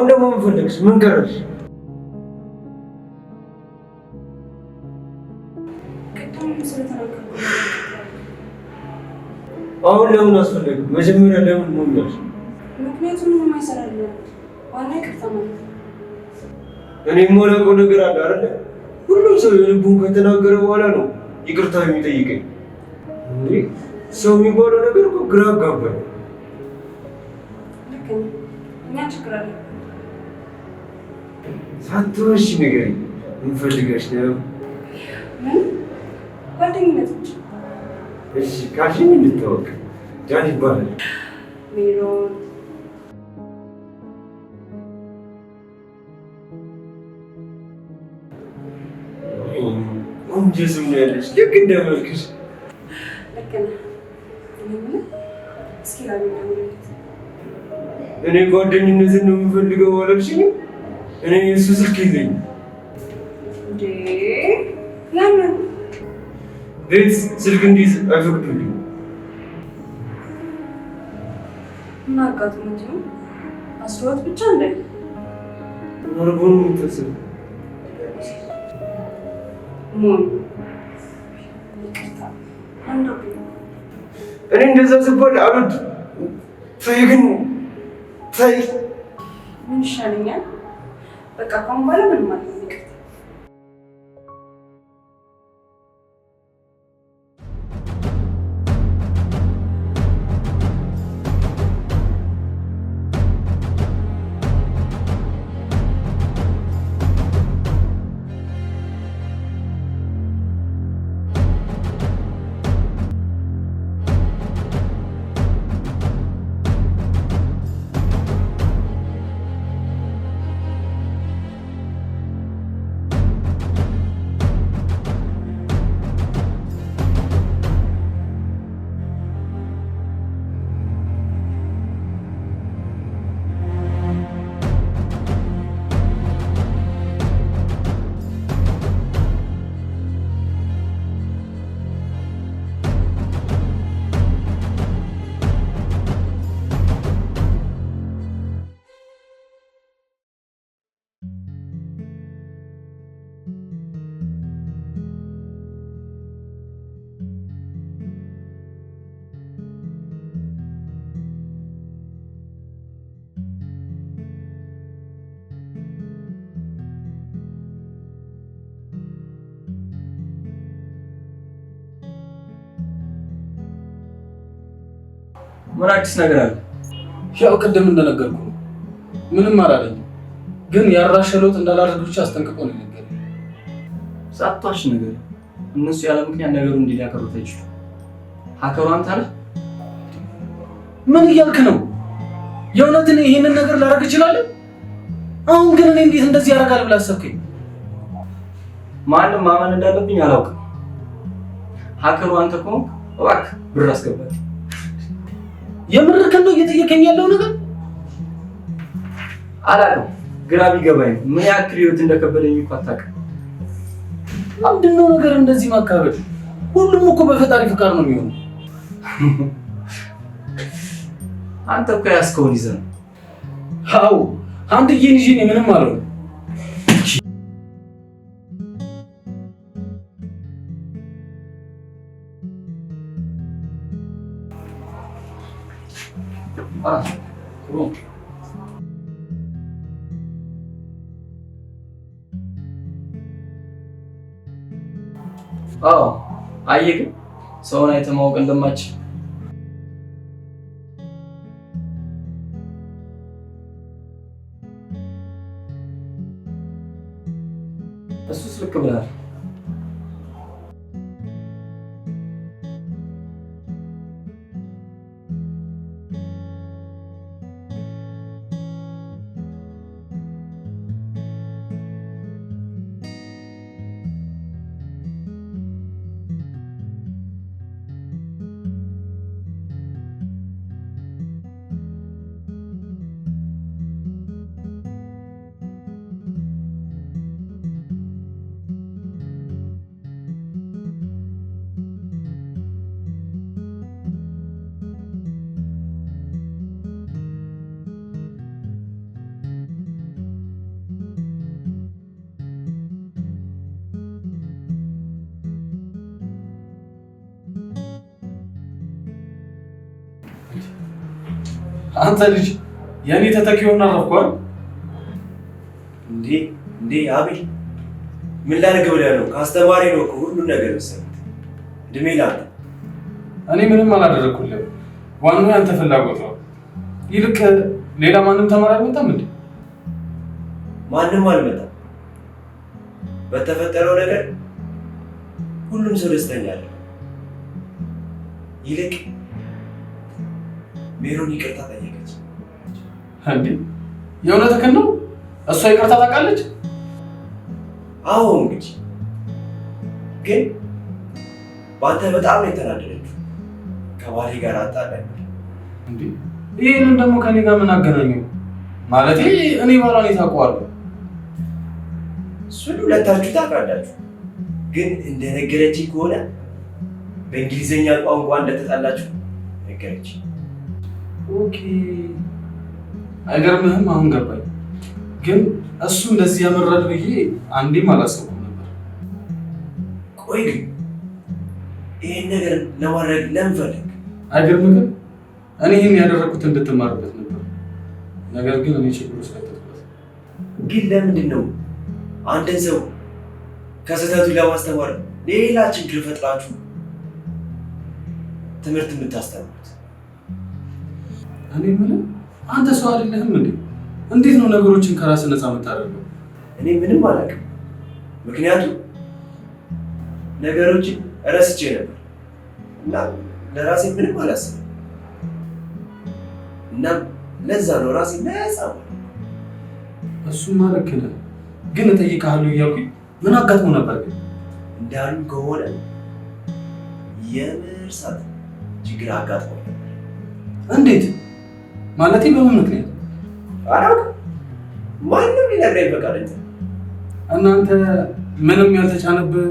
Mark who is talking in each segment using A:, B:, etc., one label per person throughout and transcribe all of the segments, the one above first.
A: አሁን ደግሞ ምን ፈለግሽ? ምን ቀረሽ? አሁን ለምን አስፈለገ? መጀመሪያ ለምን ሞላሽ?
B: ምክንያቱም ምን ማይሰራል ዋና
A: እኔ የማላውቀው ነገር አለ አይደለ? ሁሉም ሰው የልቡን ከተናገረ በኋላ ነው ይቅርታ የሚጠይቀኝ። ሰው የሚባለው ነገር እኮ ግራ አጋባኝ።
B: ልክ እኛ ችግር አለ
A: ሳትሮሽ ንገሪኝ፣ ምን ፈልገሽ ነው? ጓደኝነት እሺ ካልሽኝ እንድታወቅ ጃን ይባላል። ሜሮን ቆንጆ ስም ነው ያለሽ፣ ልክ እንደ መልክሽ። እኔ ጓደኝነትን ነው የምፈልገው አለችኝ። እኔ የእሱ ስልክ ይዘኝ ቤት ስልክ እንዲይዝ አይፈቅዱልኝም።
B: አስሯት እኔ
A: እንደዛ ስባል አሉት። ተይ ግን ተይ
B: ምን ይሻለኛል? በቃ ካሁን በኋላ ምንም አለ
A: ምን አዲስ ነገር አለ? ያው ቅድም እንደነገርኩ ምንም አላለኝም፣ ግን ያራሸለውት እንዳላደርግ ብቻ አስጠንቅቆ ነው ነገር ሳጥቷሽ ነገር እነሱ ያለ ምክንያት ነገሩ እንዲህ ሊያቀሩት አይችሉ። ሀከሩ አንተ አለ ምን እያልክ ነው? የእውነትን ይህንን ነገር ላደርግ እችላለሁ? አሁን ግን እኔ እንዴት እንደዚህ ያደርጋል ብለህ አሰብከኝ? ማንም ማመን እንዳለብኝ አላውቅም። ሀከሩ አንተ እኮ እባክህ ብር አስገባል የምርክን ነው እየጠየቀኝ ያለው ነገር አላውቅም። ግራ ቢገባኝ ምን ያክል ህይወት እንደከበደኝ እኮ አታውቅም። ምንድን ነው ነገር እንደዚህ ማካበድ? ሁሉም እኮ በፈጣሪ ፍቃድ ነው የሚሆነው። አንተ እኮ ያስከውን ይዘህ ነው። አዎ አንድ ይዤ ምንም አልሆነ 알았어. 그럼. አዎ አየህ፣ ግን ሰውን አይተህ ማወቅ እንደማችል እሱስ ልክ ብለሃል። አንተ ልጅ የኔ ተተኪ ሆና ረፍኳል እንዴ? እንዴ አቤል ምን ላድርግ ብለህ ነው? ከአስተማሪ ነው ሁሉን ነገር መሰረት እድሜ ላለ እኔ ምንም አላደረግኩልህም። ዋናው ያንተ ፍላጎት ነው። ይልቅ ሌላ ማንም ተማሪ አልመጣም እንዴ? ማንም አልመጣም። በተፈጠረው ነገር ሁሉም ሰው ደስተኛ አለ። ይልቅ ሜሮን ይቅርታ ጠየቀ። እንዴ የእውነትህን ነው? እሷ ይቅርታ ታውቃለች? አዎ እንግዲህ ግን በአንተ በጣም ነው የተናደደችው። ከባሌ ጋር አጣላኝ። እንዴ ይህንን ደግሞ ከኔ ጋር ምን አገናኘው? ማለት እኔ ባሏን ታውቀዋለሁ። እሱን ሁለታችሁ ታውቃላችሁ። ግን እንደነገረችኝ ከሆነ በእንግሊዝኛ ቋንቋ እንደተጣላችሁ ነገረችኝ። ኦኬ አይገርምህም? አሁን ገባኝ። ግን እሱ እንደዚህ ያመራል ብዬ አንዴም አላሰብኩም ነበር። ቆይ ግን ይህን ነገር ለማድረግ ለምፈልግ አይገርምህም? እኔ ይህን ያደረግኩት እንድትማርበት ነበር። ነገር ግን እኔ ችግር ውስጥ ከተትበት። ግን ለምንድን ነው አንድን ሰው ከስህተቱ ለማስተማር ሌላ ችግር ፈጥራችሁ ትምህርት የምታስተምሩት? እኔ ምንም አንተ ሰው አይደለህም እንዴ? እንዴት ነው ነገሮችን ከራስ ነፃ የምታደርገው? እኔ ምንም አላውቅም። ምክንያቱም ነገሮችን እረስቼ ነበር እና ለራሴ ምንም አላስብም። እናም ለዛ ነው ራሴ ነፃ። እሱማ ልክ ነህ፣ ግን እጠይቅሃለሁ እያልኩኝ ምን አጋጥሞ ነበር? ግን እንዳሉ ከሆነ የምርሳት ችግር አጋጥሞ እንዴት ማለት በምን ምክንያት አላውቅም። ማንም ሊነግረኝ ፈቃደኛ እናንተ ምንም ያልተጫነብህ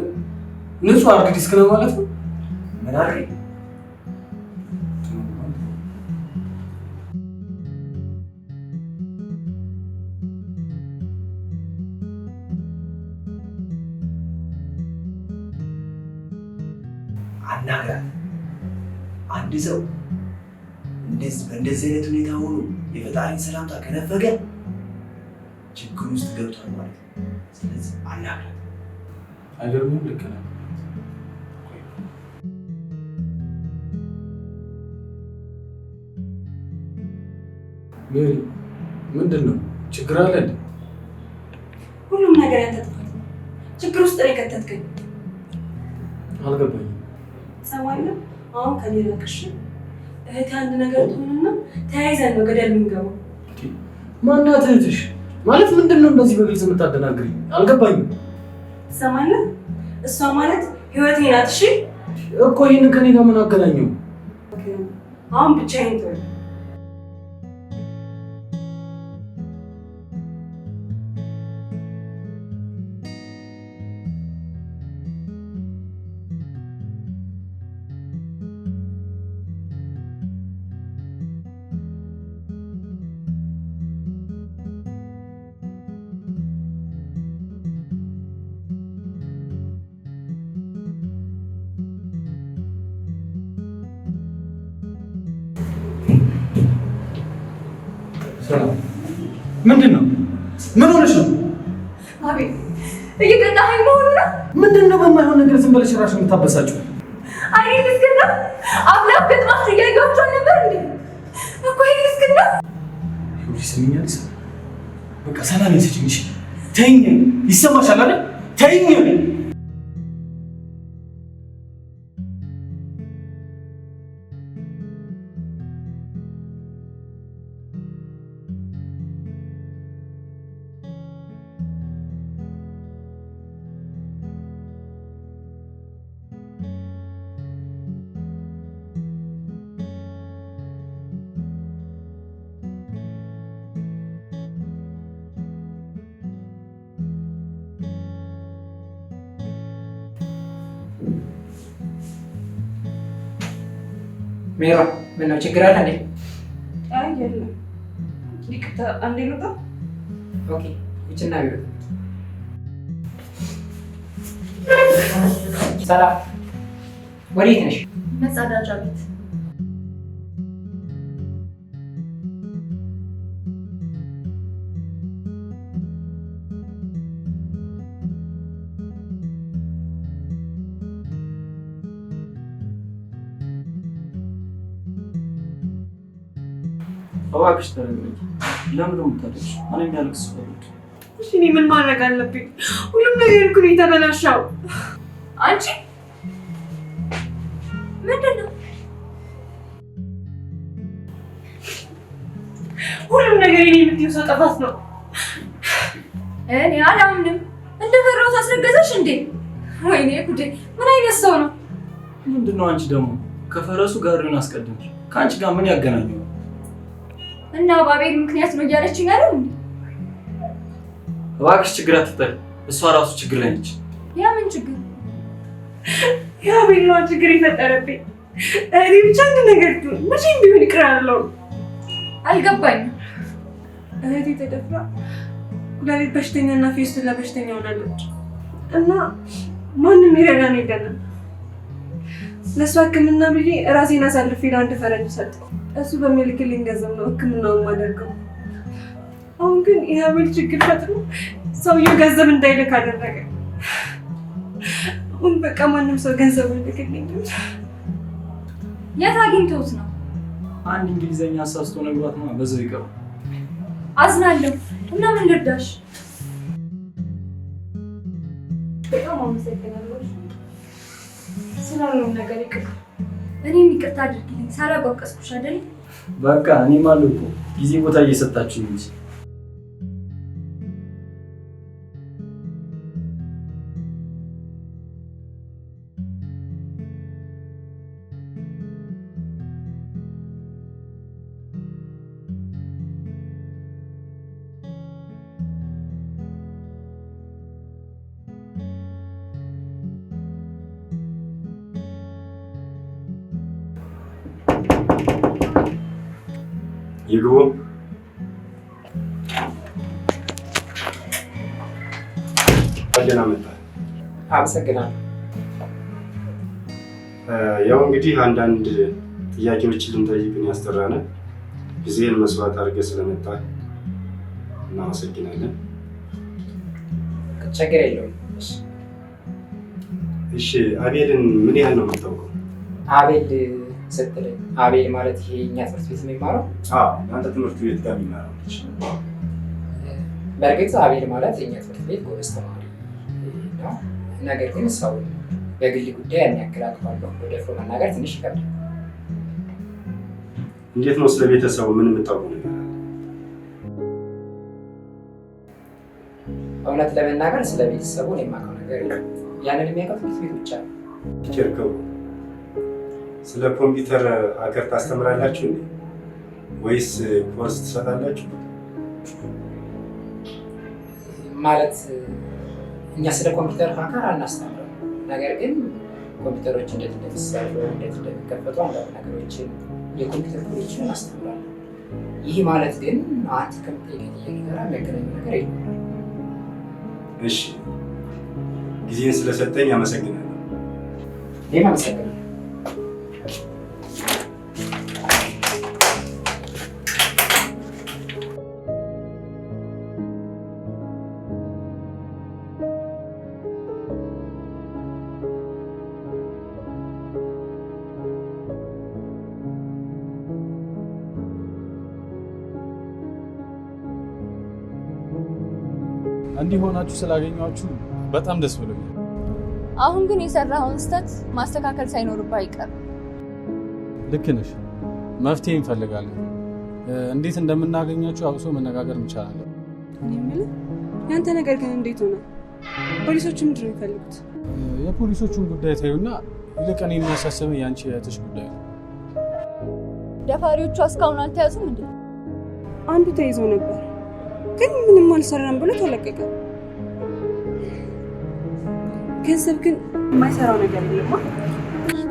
A: ንጹህ ሃርድ ዲስክ ነው ማለት ነው። ምን አልከኝ? አናግራት አንድ ሰው በእንደዚህ አይነት ሁኔታ ሆኖ የፈጣሪን ሰላምታ ከነፈገ ችግር ውስጥ ገብቷል ማለት ነው። ስለዚህ አናግራት አይገርምም? ልክ ነህ። ሜሪ ምንድን ነው ችግር አለ?
B: ሁሉም ነገር ያንተ ጥፋት ነው። ችግር ውስጥ ነው የከተትከኝ። አልገባኝም። ሰማይ ነው አሁን ከኔ ረቅሽ እህቴ አንድ ነገር ትሆንና ተያይዘን ነው ገደል የምንገባው።
A: ማናት እህትሽ? ማለት ምንድን ነው እንደዚህ በግልጽ የምታደናግሪኝ? አልገባኝም።
B: ትሰማለህ? እሷ ማለት ህይወቴ ናት። እሺ
A: እኮ ይህን ከኔ ጋር ምን አገናኘው? አሁን ብቻዬን ምንድን ነው? ምን ሆነሽ ነው?
B: አቤት እየቀጣኸኝ መሆኑ ነው?
A: ምንድን ነው በማይሆን ነገር ዝም ብለሽ ራሽ የምታበሳችሁ?
B: አይ እስክና አምላክ ገጥማት እያያቸው ነበር እንዴ እኮ ይህ እስክና
A: ስሚኛል። በቃ ሰላም ይስጭንሽ። ተይኝ፣ ይሰማሻል አይደል? ተይኝ ሜሯ ምነው ችግር አለ እንዴ?
B: አይ የለም። ይቅርታ አንዴ ልውጣ።
A: ኦኬ ይችና ቢሮ ሰላም፣ ወዴት ነሽ?
B: መጸዳጃ ቤት
A: እባክሽ ተረጋጊ። ለምን ነው የምታለቅሽ? እኔ የሚያለቅስ ፈልግ።
B: እሺ እኔ ምን ማድረግ አለብኝ? ሁሉም ነገር እኮ ነው የተበላሸው። አንቺ ምንድን ነው? ሁሉም ነገር እኔ የምትይው ሰው ጠፋት ነው። እኔ አላምንም። እንደፈራሁት አስረገዘሽ እንዴ? ወይኔ ጉዴ! ምን አይነት ሰው ነው?
A: ምንድን ነው አንቺ ደግሞ ከፈረሱ ጋር ጋሪውን አስቀድምሽ። ከአንቺ ጋር ምን ያገናኘው?
B: እና ባቤል ምክንያት ነው እያለችኝ ያለው።
A: እባክሽ ችግር አትጠሪ። እሷ ራሱ ችግር ላይ ነች።
B: ያ ምን ችግር? ያ ምን ነው ችግር የፈጠረብኝ? እኔ ብቻ አንድ ነገር ትሁን መቼም ቢሆን ይቅር አለው። አልገባኝም። እህቴ ተደፍራ ኩላሊት እና ፌስቱላ በሽተኛ ሆናለች እና ማንም ይረዳን የለንም። ለእሱ ሕክምና ብዬ ራሴን አሳልፌ ለአንድ ፈረንጅ ሰጠው። እሱ በሚልክልኝ ገንዘብ ነው ሕክምናውን ማደርገው። አሁን ግን የሀብል ችግር ፈጥሮ ሰውየው ገንዘብ እንዳይልክ አደረገ። አሁን በቃ ማንም ሰው ገንዘብ ይልክልኝ። የት አግኝተውት ነው?
A: አንድ እንግሊዘኛ አሳስቶ ነግሯት ነው። በዛው ይቀሩ።
B: አዝናለሁ እና ምን ልርዳሽ? በጣም አመሰግናለሁ። ስላልነው ነገር ይቅርታ። እኔም ይቅርታ አድርጊልኝ። ሳላጓቀስኩሽ አይደል?
A: በቃ እኔም አለሁ እኮ ጊዜ ቦታ እየሰጣችሁ እንጂ ደህና መጣ። አመሰግናለሁ። ያው እንግዲህ አንዳንድ ጥያቄዎችን ልንጠይቅን ያስጠራነ ጊዜን መስዋዕት አድርገህ ስለመጣ እናመሰግናለን። ችግር የለውም። እሺ አቤልን ምን ያህል ነው የምታውቀው?
B: አቤል ስትለኝ አቤል ማለት ይሄ እኛ ትምህርት ቤት የሚማረው
A: አንተ ትምህርት ቤት ጋር የሚማረው
B: በእርግጥ አቤል ማለት የእኛ ትምህርት ቤት ጎበዝ ተማሪ ነው። ነገር ግን ሰው በግል ጉዳይ ያን ያክል አቅባለሁ ወደፎ መናገር ትንሽ ይከብዳል።
A: እንዴት ነው ስለ ቤተሰቡ ምን የምታውቁ ነገር?
B: እውነት ለመናገር ስለ ቤተሰቡ እኔ የማውቀው ነገር ያንን የሚያውቀው ትምህርት ቤት ብቻ ነው።
A: ቲቸርከው ስለ ኮምፒውተር አገር ታስተምራላችሁ እንዴ ወይስ ኮርስ ትሰጣላችሁ?
B: ማለት እኛ ስለ ኮምፒውተር ሀከር አናስተምርም። ነገር ግን ኮምፒውተሮች እንዴት እንደሚሰሩ፣ እንዴት እንደሚከፈቱ አንዳንድ ነገሮችን የኮምፒውተር ኮችን እናስተምራለን። ይህ ማለት ግን አንድ ከምጠይቀኝ ጥያቄ ጋር የሚያገናኝ ነገር ይኖራል።
A: እሺ ጊዜን ስለሰጠኝ አመሰግናለሁ። ይህም አመሰግናለሁ። ሆናችሁ ስላገኘኋችሁ በጣም ደስ ብሎኛል።
B: አሁን ግን የሰራኸውን ስህተት ማስተካከል ሳይኖርብህ አይቀርም።
A: ልክ ነሽ። መፍትሄ እንፈልጋለን። እንዴት እንደምናገኛችሁ አብሶ መነጋገር እንችላለን።
B: ያንተ ነገር ግን እንዴት ሆነ? ፖሊሶቹ ምንድን ነው የሚፈልጉት?
A: የፖሊሶቹን ጉዳይ ታዩና ይልቅ እኔ የሚያሳስበኝ የአንቺ እህትሽ ጉዳይ ነው።
B: ደፋሪዎቹ እስካሁን አልተያዙም እንዴ? አንዱ ተይዞ ነበር ግን ምንም አልሰራም ብሎ ተለቀቀ። ገንዘብ ግን የማይሰራው ነገር የለም።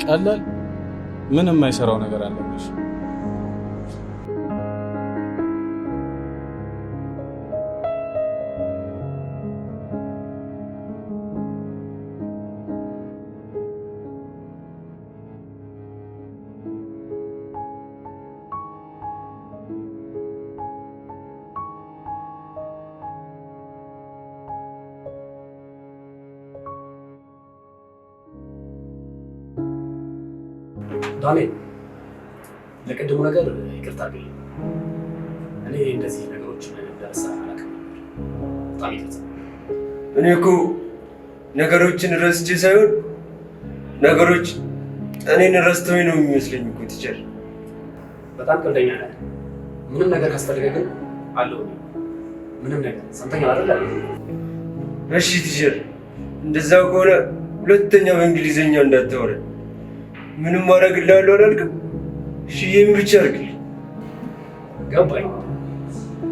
A: ቀላል ምንም የማይሰራው ነገር አለብሽ? ዳንኤል ለቅድሙ ነገር ይቅርታ አድርግልኝ። እኔ እንደዚህ ነገሮች እንደረሳ አላውቅም ነበር። በጣም ይቅርታ። እኔ እኮ ነገሮችን ረስቼ ሳይሆን ነገሮች እኔን ረስተውኝ ነው የሚመስለኝ እኮ ቲቸር።
B: በጣም ቀልደኛ ነህ። ምንም ነገር ካስፈለገ ግን አለው። ምንም ነገር ሰምተኛ አላለ።
A: እሺ ቲቸር፣ እንደዛው ከሆነ ሁለተኛ በእንግሊዝኛ እንዳታወራኝ ምንም አደርግልሃለሁ አላልክም። እሺ ይሄን ብቻ አድርግልኝ።
B: ገባኝ፣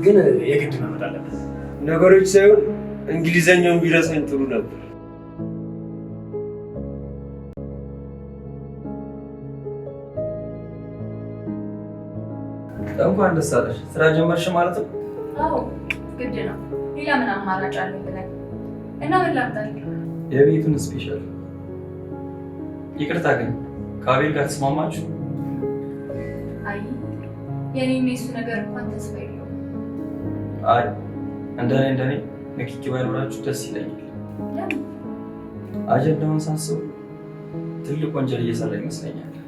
B: ግን የግድ መመጣ አለበት።
A: ነገሮች ሳይሆን እንግሊዘኛውን ቢረሳኝ ጥሩ ነበር። እንኳን ደስ አለሽ። ስራ ጀመርሽ ማለት ነው?
B: አዎ ግድ ነው። ሌላ ምን አማራጭ አለ ብለህ እና ምን ላምጣልህ?
A: የቤቱን ስፔሻል ይቅርታ ግን ከአቤል ጋር ተስማማችሁ?
B: አይ የኔና የሱ ነገር እንኳን ተስፋ የለውም።
A: አይ እንደኔ እንደኔ ንክኪ ባይኖራችሁ ደስ ይለኛል። አጀንዳውን ሳስበው ትልቅ ወንጀል እየሰራ ይመስለኛል።